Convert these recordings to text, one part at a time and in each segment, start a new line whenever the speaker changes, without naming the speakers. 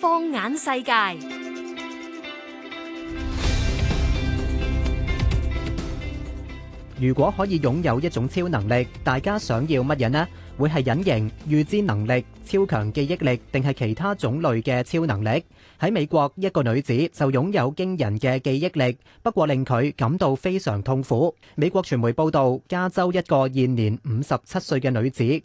放眼世界，如果可以擁有一種超能力，大家想要乜嘢呢？會係隱形、預知能力、超強記憶力，定係其他種類嘅超能力？喺美國，一個女子就擁有驚人嘅記憶力，不過令佢感到非常痛苦。美國傳媒報道，加州一個現年五十七歲嘅女子吉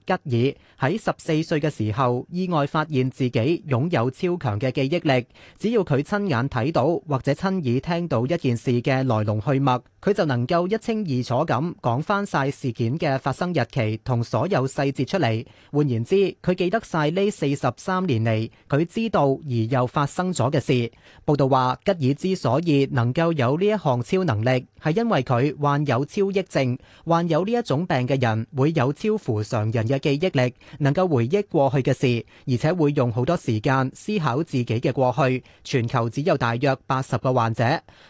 爾喺十四歲嘅時候意外發現自己擁有超強嘅記憶力，只要佢親眼睇到或者親耳聽到一件事嘅來龍去脈，佢就能夠一清二楚咁講翻晒事件嘅發生日期同所有細節。出嚟，換言之，佢記得晒呢四十三年嚟佢知道而又發生咗嘅事。報道話，吉爾之所以能夠有呢一項超能力，係因為佢患有超憶症。患有呢一種病嘅人會有超乎常人嘅記憶力，能夠回憶過去嘅事，而且會用好多時間思考自己嘅過去。全球只有大約八十個患者。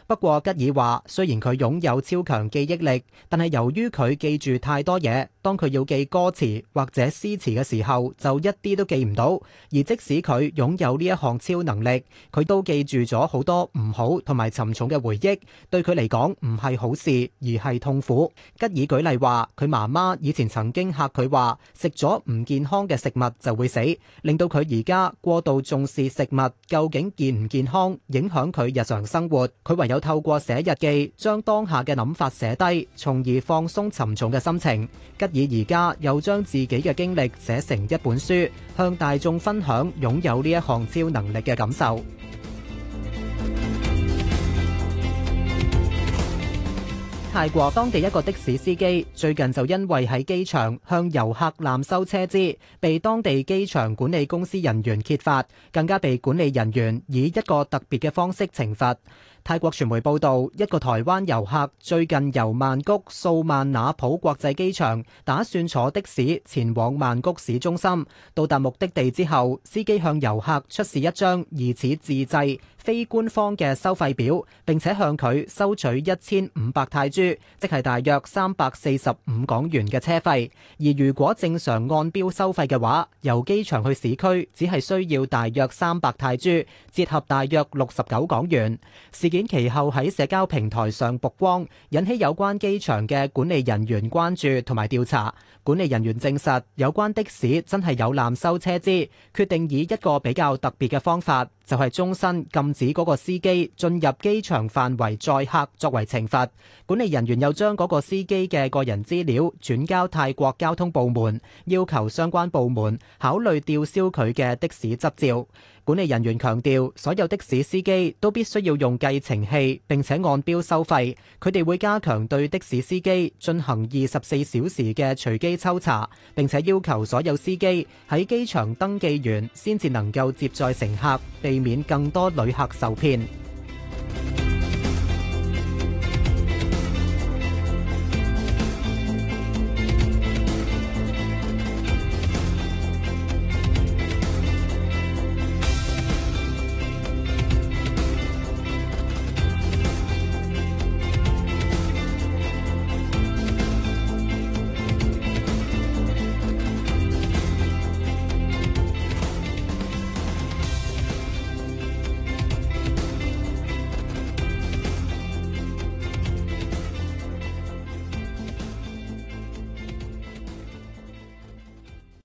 不過，吉爾話，雖然佢擁有超強記憶力，但係由於佢記住太多嘢，當佢要記歌詞。或者詩詞嘅時候就一啲都記唔到，而即使佢擁有呢一項超能力，佢都記住咗好多唔好同埋沉重嘅回憶，對佢嚟講唔係好事，而係痛苦。吉爾舉例話，佢媽媽以前曾經嚇佢話食咗唔健康嘅食物就會死，令到佢而家過度重視食物究竟健唔健康，影響佢日常生活。佢唯有透過寫日記，將當下嘅諗法寫低，從而放鬆沉重嘅心情。吉爾而家又將自己自己嘅經歷寫成一本書，向大眾分享擁有呢一項超能力嘅感受。泰國當地一個的士司機最近就因為喺機場向遊客濫收車資，被當地機場管理公司人員揭發，更加被管理人員以一個特別嘅方式懲罰。泰國傳媒報道，一個台灣遊客最近由曼谷素萬那普國際機場打算坐的士前往曼谷市中心。到達目的地之後，司機向遊客出示一張疑似自製、非官方嘅收費表，並且向佢收取一千五百泰銖，即係大約三百四十五港元嘅車費。而如果正常按標收費嘅話，由機場去市區只係需要大約三百泰銖，折合大約六十九港元。其後喺社交平台上曝光，引起有關機場嘅管理人員關注同埋調查。管理人員證實有關的士真係有濫收車資，決定以一個比較特別嘅方法，就係終身禁止嗰個司機進入機場範圍載客作為懲罰。管理人員又將嗰個司機嘅個人資料轉交泰國交通部門，要求相關部門考慮吊銷佢嘅的士執照。管理人員強調，所有的士司機都必須要用計程器並且按標收費，佢哋會加強對的士司機進行二十四小時嘅隨機抽查，並且要求所有司機喺機場登記完，先至能夠接載乘客，避免更多旅客受騙。